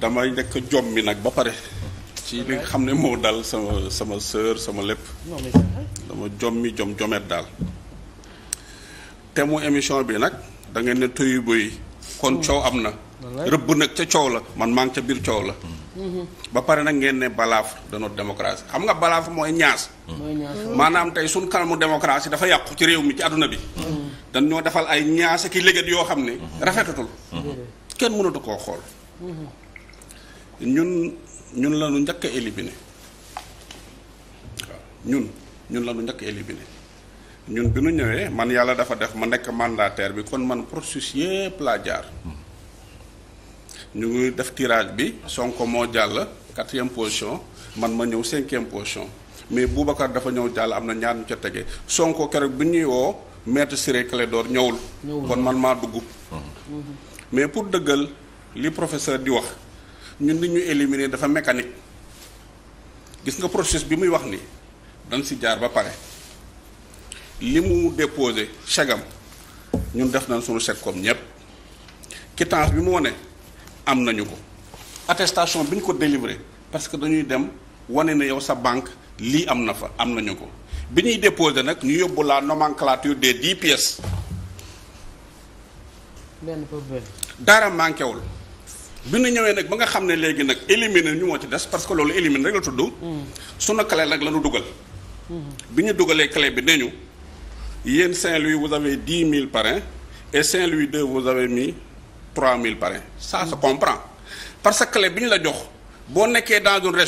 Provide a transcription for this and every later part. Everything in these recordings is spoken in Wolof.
damay nekk jom mi nag ba pare ci li xam ne moo dal sama sama sœur sama lépp dama jom mi jom jomet daal te mu émission bi nag da ngeen ne toyu boy kon coow am na rëbb nag ca coow la man maa ca biir coow la mm-hmm. ba pare nag ngeen ne balaaf de notre démocratie xam nga balaaf mooy ñaas mm-hmm. maanaam tey suñ kanamu démocratie dafa yàqu ci réew mi ci àdduna bi mm-hmm. dañ ñoo defal ay ñaase ki légat yoo xam ne rafetatul kenn mënatu koo xool ñun ñun la njëkk a éliminé ñun ñun ñu njëkk a ñun bi ñëwee man yàlla dafa def ma nekk mandataire bi kon man processus yépp laa jaar ñu ngi def tirage bi Sonko moo jàll quatrième position man ma ñëw cinquième position mais Boubacar dafa ñëw jàll am na ñaar ñu ca tege Sonko keroog bi ñuy woo maître Ciré Clédor ñëwul kon man maa dugg mhm. mais pour dëggal li professeur di wax ñun li ñu éliminer dafa mécanique gis nga processus bi muy wax ni dañ si jaar ba pare li mu déposé chegam ñun def na suñu chèque comme ñëpp quittance bi mu wane am nañu ko attestation bi ñu ko délivré parce que dañuy dem wane na yow sa banque lii am na fa am nañu ko bi ñuy déposé nag ñu yóbbu la nomenclature des dix pièces. benn dara manqué wul. bi ñu ñëwee nag ba nga xam ne léegi nag éliminer ñu moo ci des parce que loolu éliminer rek la tudd. na clé nag la ñu dugal. bi ñu dugalee clé bi nañu yéen Saint-Louis vous avez dix mille parrains et Saint-Louis deux vous avez mis trois mille parrains. ça se comprend parce que clé bi ñu la jox boo nekkee dans une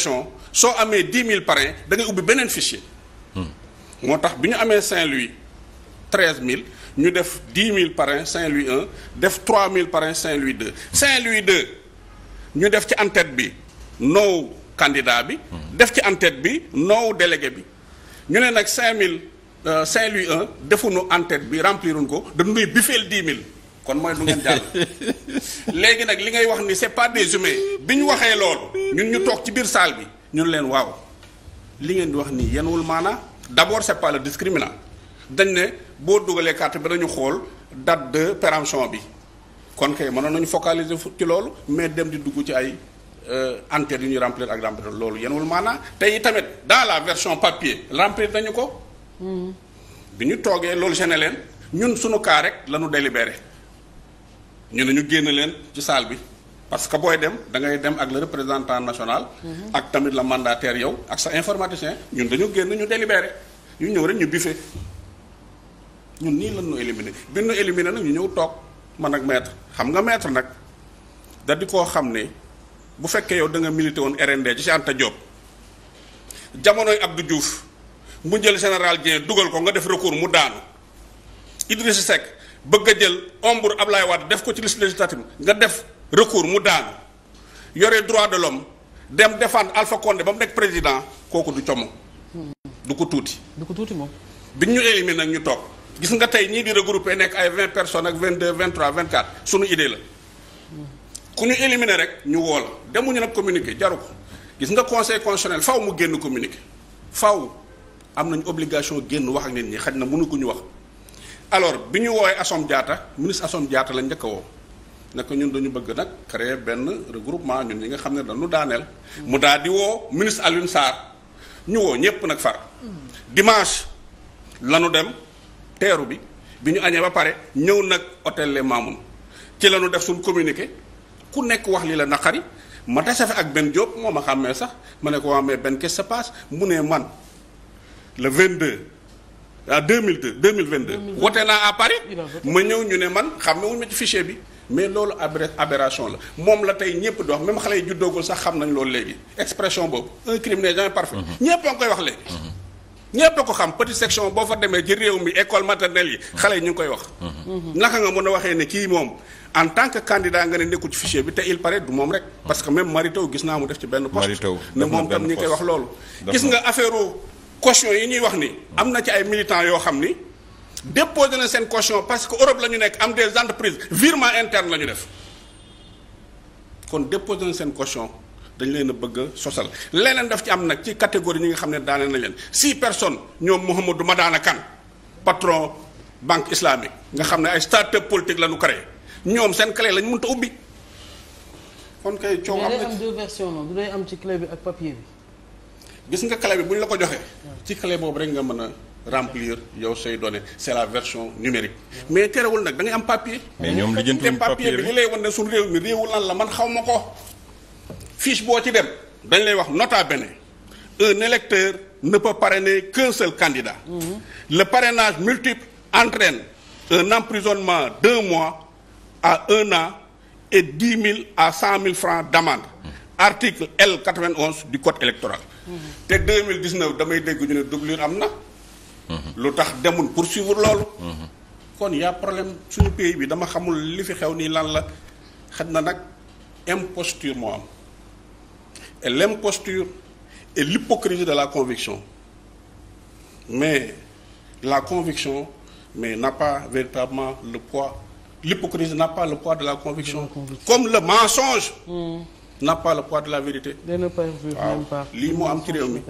soo amee dix mille parrains da ngay ubbi beneen fichier. moo tax bi ñu amee Saint-Louis treize mille ñu def dix mille parrains Saint-Louis def trois mille parrains Saint-Louis deux Saint-Louis deux. ñu def ci entête bi noow candidat bi. def ci entête bi noow délégué bi. ñu ne nag 5000 Saint-Louis 1 defuñu entête bi rempliruñ ko dañuy bifeel 10 000 kon mooy du ngeen jàll. léegi nag li ngay wax ni c'est pas des humains bi ñu waxee loolu ñun ñu toog ci biir saal bi ñun leen waaw li ngeen di wax nii yenwul maanaa d'abord c'est pas le discriminat dañ ne boo dugalee carte bi dañu xool date de péremption bi. kon kay mënoon nañu focaliser ci loolu mais dem di dugg ci ay euh, antennes yu ñu remplir ak remplir loolu yenwul maanaa tey tamit dans la version papier remplir nañu ko. Hmm. bi ñu toogee loolu gêné leen ñun suñu cas rek la ñu délibéré ñu ne ñu génn leen ci saal bi parce que booy dem da ngay dem ak le représentant national. Hmm. ak tamit la mandataire yow ak sa informaticien ñun dañu génn ñu délibéré ñu ñëw rek ñu bife ñun nii lan ñu éliminé bind ñu éliminé ñëw toog man ak xam nga maître nag da di koo xam ne bu fekkee yow da nga milité woon RND ci Anta Diop jamonoy Abdou Diouf mu jël général Dieng dugal ko nga def recours mu daanu si sec bëgg a jël ombre lay Wade def ko ci liste législative nga def recours mu daanu yore droit de l'homme dem défendre Alpha Condé ba mu nekk président kooku du como hmm. du ko tuuti. du ko tuuti moom. biñ ñu éliminé nag ñu toog. gis nga tey ñii di regroupé nekk ay vingt personnes ak vingt deux vingt trois vingt quatre suñu idée la ku ñu éliminer rek ñu woo la demuñu nag communiqué jaru ko gis nga conseil constitutionnel faw mu génn communiqué faw am nañ obligation génn wax ak nit ñi xaj na mënu ko ñu wax alors bi ñu woowee Assome jaata ministre Assome jaata la njëkk a woo ne ko ñun dañu bëgg nag créer benn regroupement ñun ñi nga xam ne dañu daaneel mu daal di woo ministre Alioune Sarr ñu woo ñépp nag far hmm. dimanche lanu dem teeru bi bi ñu añee ba pare ñëw nag hôtel Les Mamoun ci la nu def suñ communiqué ku nekk wax li la naqari ma dese fa ak benn Diop moo ma xàmmee sax ma ne ko waa mais benn qu'est-ce qui se mu ne man le 22 ah 2002 2022. 2022 wote naa à Paris. ma ñëw ñu ne man xam ne wuñ ma ci fichier bi. mais loolu aberration la moom la tey ñëpp di wax même xale yi juddoogul sax xam nañ loolu léegi expression boobu un crime n'est jamais parfait. Mm-hmm. ñëpp koy wax léegi. Mm-hmm. ñëpp a ko xam petite section boo fa demee ci réew mi école maternelle yi xale yi ñu ngi koy wax naka nga mën a waxee ne kii moom en tant que candidat nga ne nekkul ci fichier bi te il paraît du moom rek parce que même maritaw gis naa mu def ci benn poste ne moom tam ñu koy wax loolu gis nga affaire u yi ñuy wax ni am na ci ay militants yoo xam ni déposé na seen caution parce que Europe la ñu nekk am des entreprises virement interne la ñu def kon déposé na seen caution dañu leen a bëgg a sosal leneen def ci am nag ci catégorie ñi nga xam ne daane na leen six personnes ñoom Mouhamadou daana kan patron banque islamique nga xam ne ay start-up politique la ñu créé ñoom seen clé lañ mënut a ubbi. kon kay coow am na am deux versions moom du day am ci clé bi ak papier bi. gis nga clé bi bu ñu la ko joxee. ci clé boobu rek nga mën a remplir yow say données c'est la version numérique. mais terewul nag da am papier. mais ñoom lijjantiwuñ papier bi te papier bi li lay wan ne mi réewu lan la man xaw ma ko. fiche boo ci dem dañ lay wax nota bene un électeur ne peut parrainer qu'un seul candidat mm -hmm. le parrainage multiple entraîne un emprisonnement d'un mois à un an et dix mille à cent mille francs demande mhm. article L quatre-vingt-onze du code électoral mhm. te deux mille dix-neuf damay dégg ñu ne doublure am na mhm. lu tax demun poursuivre loolu kon y problème suñu pays bi dama xamul li fi xew nii lan la xaj na nag imposture moo am et l'imposture et l'hypocrisie de la conviction. Mais la conviction mais nappa pas véritablement le poids. L'hypocrisie n'a pas le poids de la conviction. De la Comme le mensonge mmh. n'a pas le poids de la vérité. De ne lii mu am ci réew mi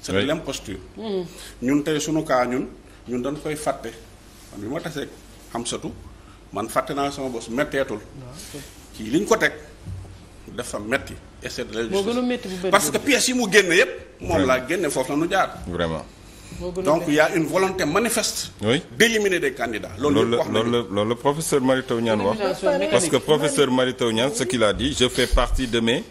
c'est de l'imposture. Hmm. ñun tey sunu kaa ñun ñun dañ koy fàtte man ma tasee am satu man fàtte naa sama bos metteetul. ci liñ ko teg. dafa metti essai de la justice parce que pièces yi mu génne yépp moom laa génne foofu la ñu jaar vraiment donc il y a une volonté manifeste oui d'éliminer des candidats loolu loolu loolu le professeur Mary wax parce que professeur Mary Teuw Niane ce qu'il a dit je fais partie de mes